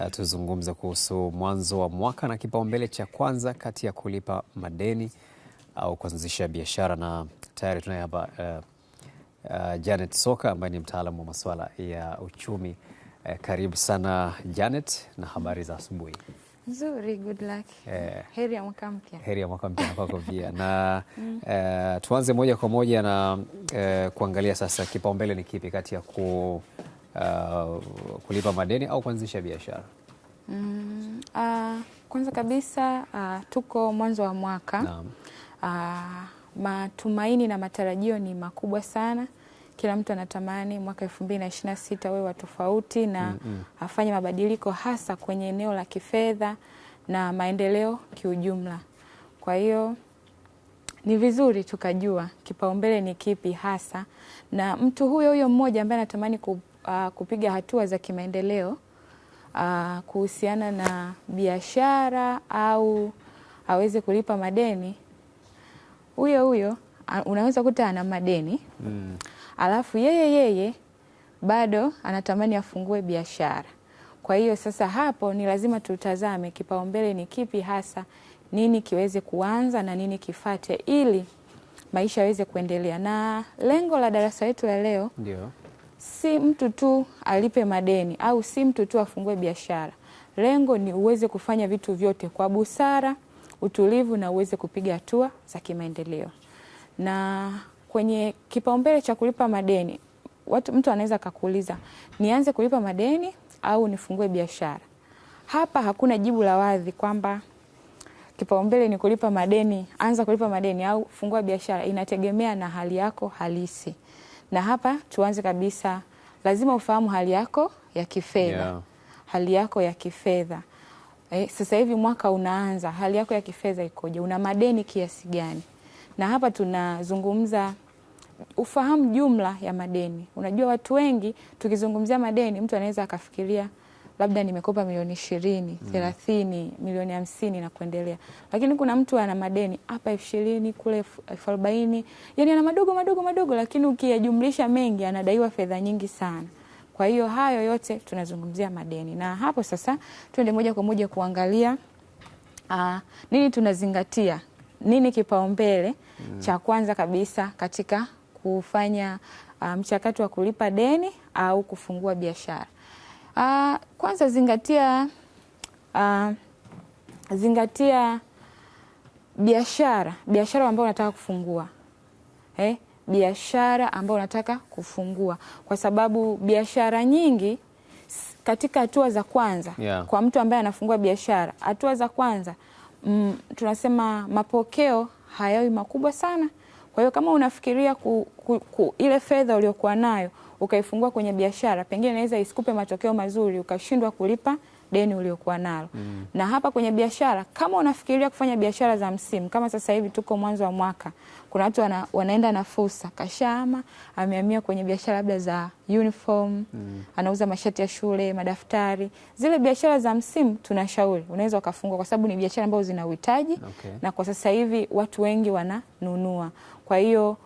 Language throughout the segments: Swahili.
uh, tuzungumze kuhusu mwanzo wa mwaka na kipaumbele cha kwanza kati ya kulipa madeni au kuanzisha biashara, na tayari tunaye hapa uh, uh, Janet Soka ambaye ni mtaalamu wa masuala ya uchumi. Uh, karibu sana Janet, na habari za asubuhi. Nzuri, good luck. Eh, heri ya mwaka mpya. kwako pia na mm. Eh, tuanze moja kwa moja na eh, kuangalia sasa kipaumbele ni kipi kati ya ku uh, kulipa madeni au kuanzisha biashara? Mm, uh, kwanza kabisa uh, tuko mwanzo wa mwaka Uh, matumaini na matarajio ni makubwa sana. Kila mtu anatamani mwaka elfu mbili na ishirini na sita wewe wa tofauti na mm -mm. afanye mabadiliko hasa kwenye eneo la kifedha na maendeleo kiujumla. Kwa hiyo ni vizuri tukajua kipaumbele ni kipi hasa, na mtu huyo huyo mmoja ambaye anatamani uh, kupiga hatua za kimaendeleo uh, kuhusiana na biashara au aweze kulipa madeni, huyo huyo unaweza kuta ana madeni mm. Alafu yeye yeye bado anatamani afungue biashara. Kwa hiyo sasa, hapo ni lazima tutazame kipaumbele ni kipi hasa, nini kiweze kuanza na nini kifate, ili maisha yaweze kuendelea. Na lengo la darasa letu la leo ndio si mtu tu alipe madeni au si mtu tu afungue biashara. Lengo ni uweze kufanya vitu vyote kwa busara, utulivu na uweze kupiga hatua za kimaendeleo. Na kwenye kipaumbele cha kulipa madeni, watu mtu anaweza kakuuliza, nianze kulipa madeni au nifungue biashara? Hapa hakuna jibu la wazi kwamba kipaumbele ni kulipa madeni, anza kulipa madeni au fungua biashara. Inategemea na hali yako halisi. Na hapa tuanze kabisa, lazima ufahamu hali yako ya kifedha yeah. Hali yako ya kifedha eh, sasa hivi mwaka unaanza, hali yako ya kifedha ikoje? Una madeni kiasi gani? Na hapa tunazungumza ufahamu jumla ya madeni. Unajua watu wengi tukizungumzia madeni, mtu anaweza akafikiria labda nimekopa milioni ishirini mm. thelathini milioni hamsini na kuendelea, lakini kuna mtu ana madeni hapa elfu ishirini kule elfu arobaini yani ana madogo madogo madogo, lakini ukiyajumlisha mengi anadaiwa fedha nyingi sana. Kwa hiyo hayo yote tunazungumzia madeni, na hapo sasa tuende moja kwa moja kuangalia aa, ah, nini tunazingatia, nini kipaumbele mm. cha kwanza kabisa katika kufanya ah, mchakato um, wa kulipa deni au kufungua biashara. Uh, kwanza zingatia uh, zingatia biashara biashara ambayo unataka kufungua eh, biashara ambayo unataka kufungua kwa sababu biashara nyingi katika hatua za kwanza yeah. Kwa mtu ambaye anafungua biashara hatua za kwanza mm, tunasema mapokeo hayawi makubwa sana. Kwa hiyo kama unafikiria ku, ku, ku, ile fedha uliokuwa nayo ukaifungua kwenye biashara, pengine inaweza isikupe matokeo mazuri, ukashindwa kulipa deni uliokuwa nalo. Mm. Na hapa kwenye biashara, kama unafikiria kufanya biashara za msimu, kama sasa hivi tuko mwanzo wa mwaka, kuna watu wana, wanaenda na fursa, kashama amehamia kwenye biashara labda za uniform, mm. anauza mashati ya shule, madaftari. Zile biashara za msimu tunashauri unaweza ukafungua, kwa sababu ni biashara ambazo zina uhitaji okay. Na kwa sasa hivi watu wengi wananunua, kwa hiyo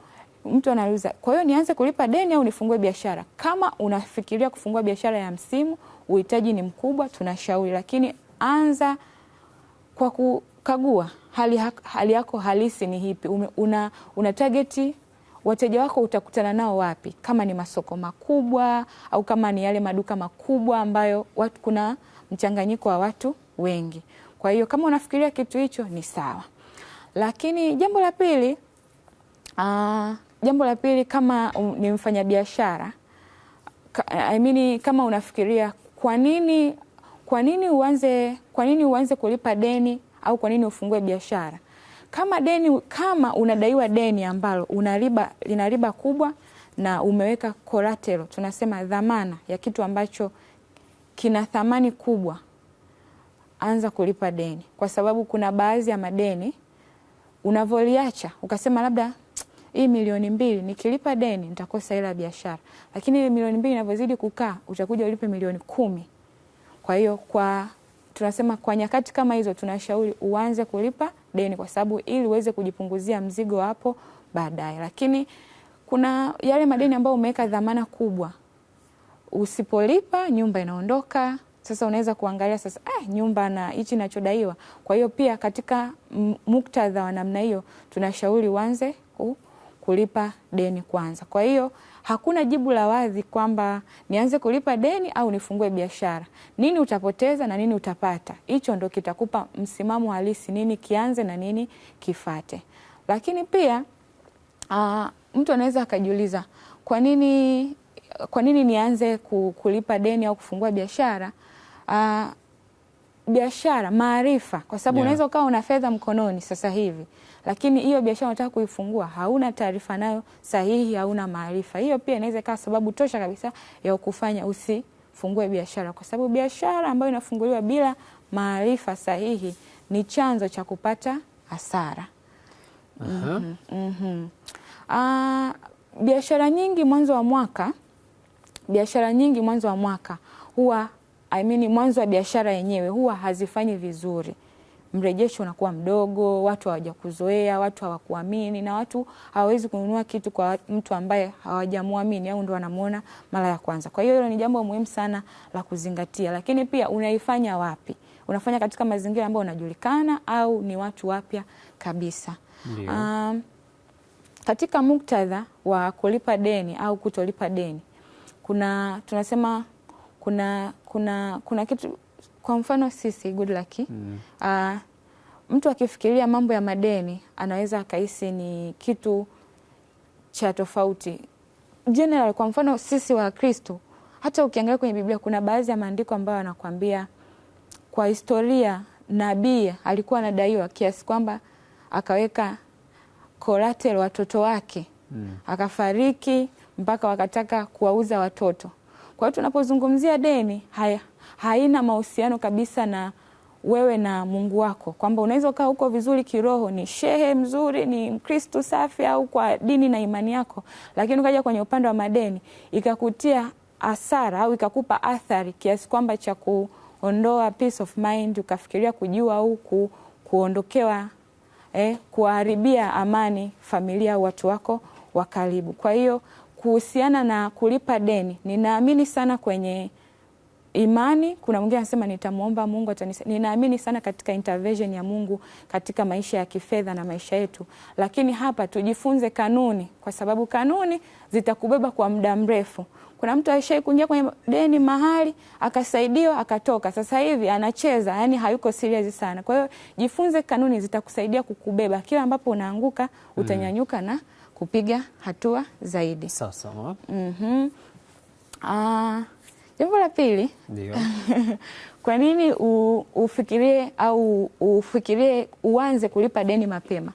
mtu anauliza, kwa hiyo nianze kulipa deni au nifungue biashara? Kama unafikiria kufungua biashara ya msimu, uhitaji ni mkubwa, tunashauri, lakini anza kwa kukagua hali, hali yako halisi ni hipi, una, una tageti wateja wako utakutana nao wapi? Kama ni masoko makubwa au kama ni yale maduka makubwa ambayo watu, kuna mchanganyiko wa watu wengi. Kwa hiyo kama unafikiria kitu hicho ni sawa, lakini jambo la pili aa, jambo la pili, kama um, ni mfanyabiashara ka, I mean, kama unafikiria kwa nini kwa nini uanze kwa nini uanze kulipa deni au kwa nini ufungue biashara kama deni kama unadaiwa deni ambalo unaliba lina riba kubwa na umeweka collateral, tunasema dhamana ya kitu ambacho kina thamani kubwa, anza kulipa deni, kwa sababu kuna baadhi ya madeni unavyoliacha ukasema labda hii milioni mbili nikilipa deni nitakosa hela ya biashara, lakini ile milioni mbili inavyozidi kukaa utakuja ulipe milioni kumi. Kwa hiyo kwa tunasema kwa nyakati kama hizo tunashauri uanze kulipa deni, kwa sababu ili uweze kujipunguzia mzigo hapo baadaye. Lakini kuna yale madeni ambayo umeweka dhamana kubwa, usipolipa nyumba inaondoka. Sasa unaweza kuangalia sasa, eh, nyumba na hichi nachodaiwa. Kwa hiyo pia katika muktadha wa namna hiyo tunashauri uanze ku kulipa deni kwanza. Kwa hiyo hakuna jibu la wazi kwamba nianze kulipa deni au nifungue biashara. Nini utapoteza na nini utapata? Hicho ndo kitakupa msimamo halisi, nini kianze na nini kifate. Lakini pia aa, ah, mtu anaweza akajiuliza kwa nini, kwa nini nianze kulipa deni au kufungua biashara? Ah, biashara, maarifa, kwa sababu yeah, unaweza ukawa una fedha mkononi sasa hivi, lakini hiyo biashara unataka kuifungua, hauna taarifa nayo sahihi, hauna maarifa. Hiyo pia inaweza ikawa sababu tosha kabisa ya kufanya usifungue biashara, kwa sababu biashara ambayo inafunguliwa bila maarifa sahihi ni chanzo cha kupata hasara. mm -hmm. mm -hmm. biashara nyingi mwanzo wa mwaka biashara nyingi mwanzo wa mwaka huwa I mean, mwanzo wa biashara yenyewe huwa hazifanyi vizuri, mrejesho unakuwa mdogo, watu hawajakuzoea, watu hawakuamini, na watu hawawezi kununua kitu kwa mtu ambaye hawajamwamini au ndo wanamuona mara ya kwanza. Kwa hiyo hilo ni jambo muhimu sana la kuzingatia, lakini pia unaifanya wapi? Unafanya katika mazingira ambayo unajulikana au ni watu wapya kabisa? Um, katika muktadha wa kulipa deni au kutolipa deni kuna tunasema kuna kuna, kuna kitu kwa mfano sisi Good Luck mm. uh, mtu akifikiria mambo ya madeni anaweza akahisi ni kitu cha tofauti general. Kwa mfano sisi wa Kristo, hata ukiangalia kwenye Biblia kuna baadhi ya maandiko ambayo anakuambia kwa historia nabii alikuwa anadaiwa kiasi kwamba akaweka kolatelo watoto wake mm. akafariki mpaka wakataka kuwauza watoto kwa hiyo tunapozungumzia deni haya, haina mahusiano kabisa na wewe na Mungu wako, kwamba unaweza ukaa huko vizuri kiroho, ni shehe mzuri, ni Mkristo safi, au kwa dini na imani yako, lakini ukaja kwenye upande wa madeni ikakutia hasara au ikakupa athari kiasi kwamba cha kuondoa peace of mind, ukafikiria kujua au ku, kuondokewa eh, kuharibia amani familia au watu wako wa karibu. Kwa hiyo kuhusiana na kulipa deni, ninaamini sana kwenye imani. Kuna mwingine anasema nitamwomba Mungu atanisaidia. Ninaamini sana katika intervention ya Mungu katika maisha ya kifedha na maisha yetu, lakini hapa tujifunze kanuni, kwa sababu kanuni zitakubeba kwa muda mrefu. Kuna mtu alishai kuingia kwenye deni mahali akasaidiwa akatoka, sasa hivi anacheza, yani hayuko serious sana. Kwa hiyo jifunze kanuni, zitakusaidia kukubeba kila ambapo unaanguka, utanyanyuka na kupiga hatua zaidi. Sawa sawa. Mhm. Ah, jambo la pili ndio. Kwa nini ufikirie au ufikirie uanze kulipa deni mapema?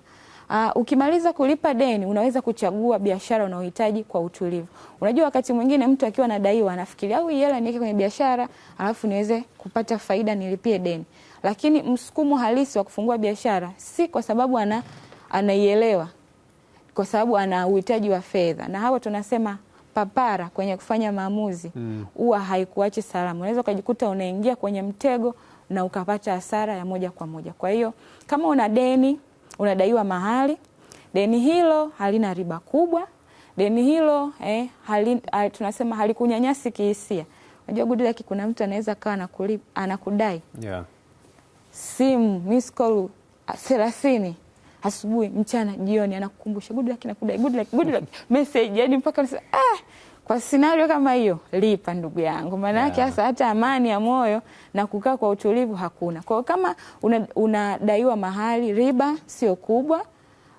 Uh, ukimaliza kulipa deni unaweza kuchagua biashara unayohitaji kwa utulivu. Unajua, wakati mwingine mtu akiwa anadaiwa anafikiria au hela niweke kwenye biashara alafu niweze kupata faida nilipie deni, lakini msukumo halisi wa kufungua biashara si kwa sababu ana anaielewa kwa sababu ana uhitaji wa fedha, na hapo tunasema papara kwenye kufanya maamuzi mm. huwa mm. haikuachi salama. Unaweza ukajikuta unaingia kwenye mtego na ukapata hasara ya moja kwa moja. Kwa hiyo kama una deni, unadaiwa mahali, deni hilo halina riba kubwa, deni hilo eh, hali, hali, ah, tunasema halikunyanyasi kihisia. Unajua Goodluck, kuna mtu anaweza kawa anakudai yeah. simu miss call ah, thelathini asubuhi, mchana, jioni, anakukumbusha good luck na kudai good luck, good luck message, yani mpaka unasema ah, kwa scenario kama hiyo lipa ndugu yangu, maana yake yeah. hata amani ya moyo na kukaa kwa utulivu hakuna. Kwa kama unadaiwa una mahali, riba sio kubwa,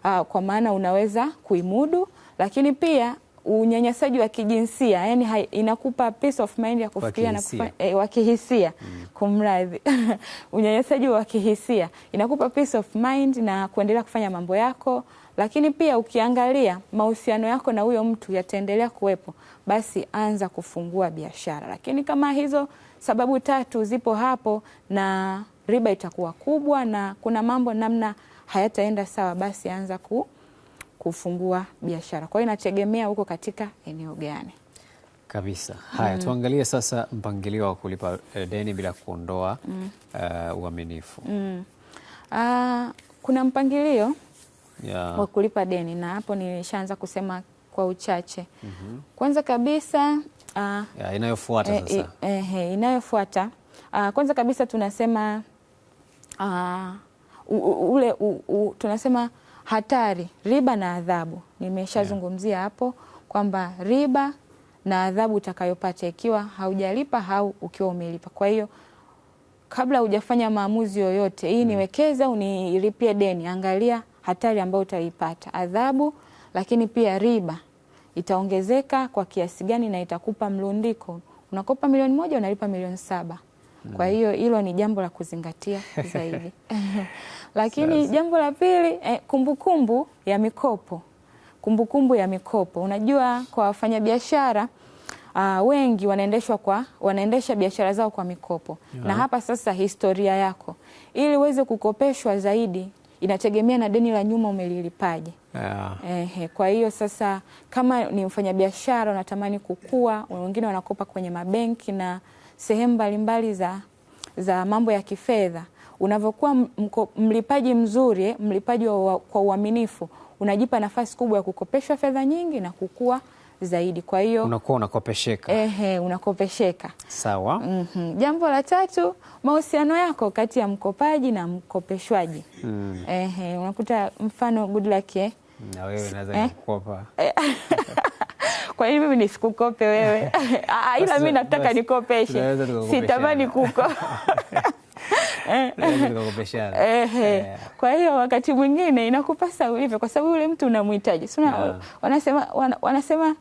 uh, kwa maana unaweza kuimudu, lakini pia unyanyasaji wa kijinsia yani hai, inakupa peace of mind ya kufikiria na kufanya eh, wa kihisia mm. Kumradhi unyanyasaji wa kihisia inakupa peace of mind na kuendelea kufanya mambo yako, lakini pia ukiangalia mahusiano yako na huyo mtu yataendelea kuwepo, basi anza kufungua biashara. Lakini kama hizo sababu tatu zipo hapo na riba itakuwa kubwa na kuna mambo namna hayataenda sawa, basi anza ku kufungua biashara. Kwa hiyo inategemea huko katika eneo gani kabisa. Haya, mm. tuangalie sasa mpangilio wa kulipa eh, deni bila kuondoa mm. uh, uaminifu mm. uh, kuna mpangilio yeah. wa kulipa deni na hapo nilishaanza kusema kwa uchache mm -hmm. Kwanza kabisa uh, ah, yeah, inayofuata eh, sasa eh, eh, eh inayofuata uh, kwanza kabisa tunasema uh, u, ule u, u, tunasema hatari, riba na adhabu nimeshazungumzia yeah. hapo kwamba riba na adhabu utakayopata ikiwa haujalipa au ukiwa umelipa. Kwa hiyo kabla hujafanya maamuzi yoyote, hii mm. niwekeza au nilipie deni, angalia hatari ambayo utaipata, adhabu, lakini pia riba itaongezeka kwa kiasi gani na itakupa mlundiko. Unakopa milioni moja unalipa milioni saba. Kwa mm. hiyo hilo ni jambo la kuzingatia zaidi. Lakini Sasa, jambo la pili eh, kumbukumbu ya mikopo. Kumbukumbu ya mikopo, unajua kwa wafanyabiashara Uh, wengi wanaendeshwa kwa wanaendesha biashara zao kwa mikopo yeah. Na hapa sasa historia yako ili uweze kukopeshwa zaidi inategemea na deni la nyuma umelilipaje? yeah. Eh, kwa hiyo sasa kama ni mfanyabiashara unatamani kukua, wengine wanakopa kwenye mabenki na sehemu mbalimbali za, za mambo ya kifedha, unavyokuwa mlipaji mzuri, mlipaji wa, kwa uaminifu, unajipa nafasi kubwa ya kukopeshwa fedha nyingi na kukua zaidi. Kwa hiyo unakuwa unakopesheka. Ehe, unakopesheka. Sawa. mm -hmm. Jambo la tatu, mahusiano yako kati ya mkopaji na mkopeshwaji. mm. Ehe, unakuta mfano good luck eh na wewe unaweza kukopa eh? kwa nini mimi nisikukope wewe? Ah, ah, ila mimi nataka nikopeshe, sitamani kuko eh. kwa hiyo wakati mwingine inakupasa ulivyo, kwa sababu yule mtu unamhitaji. Sina wanasema wanasema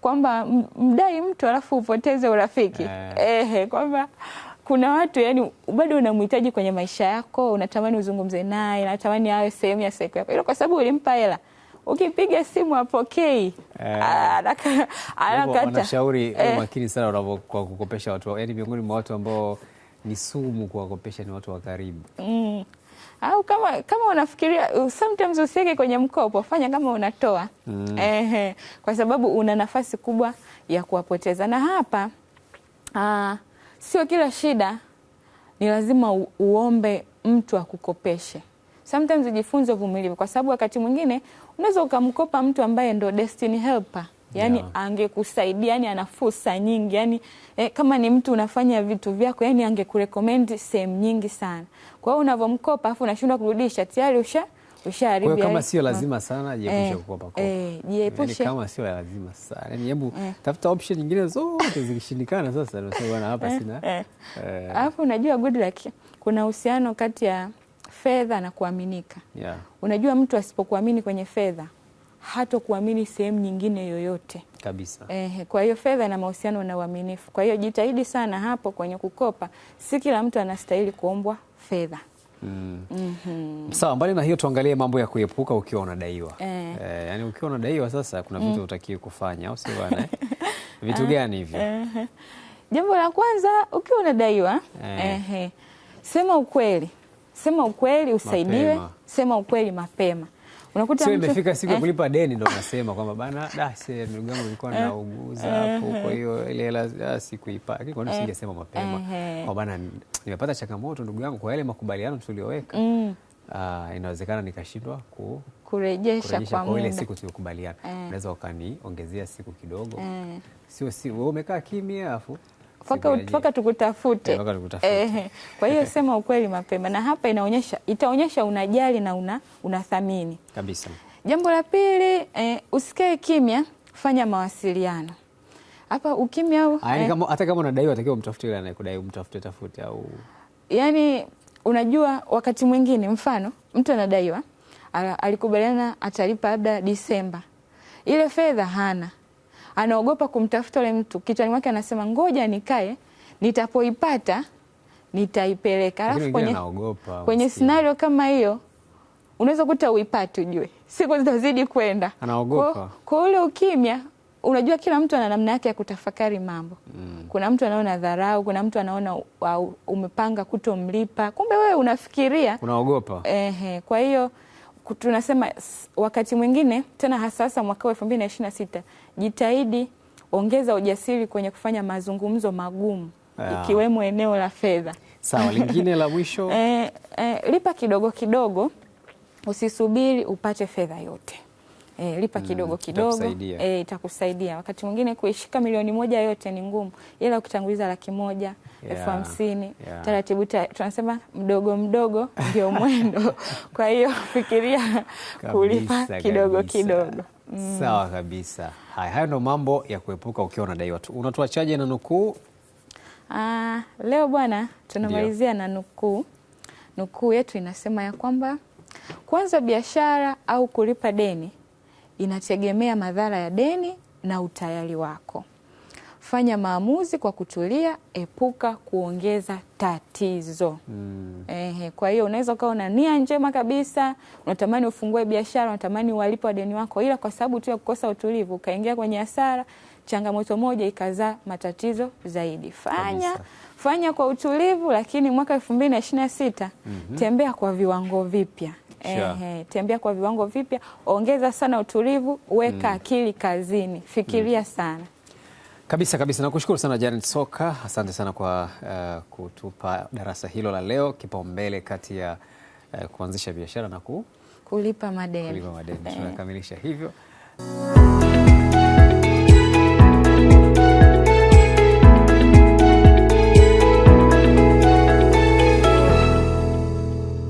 kwamba mdai mtu alafu upoteze urafiki ehe, kwamba kuna watu yani bado unamhitaji kwenye maisha yako, unatamani uzungumze naye, unatamani awe sehemu ya siku yako, ila kwa sababu ulimpa hela ukipiga simu apokei, anakatashauri umakini makini sana kwa kukopesha watu, yani, miongoni mwa watu ambao ni sumu kuwakopesha ni watu wa karibu mm. Au kama kama unafikiria sometimes usiweke kwenye mkopo, fanya kama unatoa mm. Ehe, kwa sababu una nafasi kubwa ya kuwapoteza. Na hapa aa, ah, sio kila shida ni lazima uombe mtu akukopeshe sometimes ujifunze uvumilivu, kwa sababu wakati mwingine unaweza ukamkopa mtu ambaye ndo destiny helper yani yeah. Angekusaidia yani, ana fursa nyingi yani eh, kama ni mtu unafanya vitu vyako yani angekurecommend sehemu nyingi sana. Kwa hiyo unavomkopa afu unashindwa kurudisha tayari usha ushaharibia. Kwa yaani eh, eh, yaani kama sio lazima sana jiepushe kukopa kopa. Eh, jiepushe. Kama sio lazima sana. Yani hebu eh, tafuta option nyingine zote zikishindikana sasa unasema bwana hapa eh, sina. Eh. Alafu eh, unajua good luck kuna uhusiano kati ya fedha na kuaminika. Yeah. Unajua mtu asipokuamini kwenye fedha kuamini sehemu nyingine yoyote kabisa. Eh, kwa hiyo fedha na mahusiano na uaminifu. Kwa hiyo jitahidi sana hapo kwenye kukopa, si kila mtu anastahili kuombwa fedha. Mm. Mm -hmm. Sawa, mbali na hiyo tuangalie mambo ya kuepuka ukiwa unadaiwa eh. Eh, yani ukiwa unadaiwa sasa kuna vitu mm. utakiwi kufanya au sio bwana? vitu eh, gani hivyo? Eh. Jambo la kwanza ukiwa unadaiwa eh. Eh, sema ukweli sema ukweli usaidiwe mapema. Sema ukweli mapema. Unakuta mtu imefika siku ya eh, kulipa deni ndo unasema kwamba bana da dasi ndugu yangu nilikuwa eh. nauguza hapo, kwa eh. hiyo ile hela ah, sikuipa, lakini kwa nini eh. singesema mapema kwa oh, bana, nimepata changamoto ndugu yangu, kwa yale makubaliano tulioweka mm. Uh, inawezekana nikashindwa ku kurejesha kwa muda ile siku tulikubaliana, unaweza eh, ukaniongezea siku kidogo eh. Sio si wewe umekaa kimya afu mpaka tukutafute, eh, Kwa hiyo sema ukweli mapema, na hapa inaonyesha itaonyesha unajali na una unathamini kabisa. Jambo la pili eh, usikae kimya, fanya mawasiliano hapa ukimya au ah, eh, hata kama unadaiwa atakiwa mtafute yule anayekudai umtafute tafute au yani, unajua wakati mwingine mfano mtu anadaiwa alikubaliana atalipa labda Disemba, ile fedha hana anaogopa kumtafuta yule mtu. Kichwani mwake anasema ngoja nikae, nitapoipata nitaipeleka. Alafu kwenye, kwenye scenario kama hiyo unaweza kuta uipate, ujue siku zitazidi kwenda, anaogopa kwa ule ukimya. Unajua, kila mtu ana namna yake ya kutafakari mambo mm. Kuna mtu anaona dharau, kuna mtu anaona umepanga kutomlipa, kumbe wewe unafikiria unaogopa. Ehe, kwa hiyo tunasema wakati mwingine tena, hasa mwaka wa elfu mbili na ishirini na sita, jitahidi ongeza ujasiri kwenye kufanya mazungumzo magumu yeah. ikiwemo eneo la fedha. Sawa, lingine la mwisho e, e, lipa kidogo kidogo, usisubiri upate fedha yote. E, lipa mm, kidogo kidogo, e, itakusaidia. Wakati mwingine kuishika milioni moja yote ni ngumu, ila ukitanguliza laki moja elfu yeah, hamsini yeah. Taratibu tunasema mdogo mdogo ndio mwendo. Kwa hiyo fikiria kabisa, kulipa kidogo kabisa, kidogo mm. Sawa kabisa. Haya, hayo ndo mambo ya kuepuka ukiwa unadaiwa tu. Unatuachaje na nukuu? Ah, leo bwana tunamalizia na nukuu. Nukuu yetu inasema ya kwamba kuanza biashara au kulipa deni inategemea madhara ya deni na utayari wako. Fanya maamuzi kwa kutulia, epuka kuongeza tatizo. Mm. Ehe, kwa hiyo unaweza ukawa una nia njema kabisa, unatamani ufungue biashara, unatamani uwalipe wadeni wako, ila kwa sababu tu ya kukosa utulivu ukaingia kwenye hasara. Changamoto moja ikazaa matatizo zaidi. Fanya kabisa fanya kwa utulivu, lakini mwaka 2026 mm -hmm. tembea kwa viwango vipya. Sure. Ehe, tembea kwa viwango vipya, ongeza sana utulivu, weka mm. akili kazini, fikiria mm. sana kabisa kabisa. Nakushukuru sana Janet Soka, asante sana kwa uh, kutupa darasa hilo la leo, kipaumbele kati ya uh, kuanzisha biashara na ku... kulipa madeni. Kulipa madeni eh. tunakamilisha hivyo.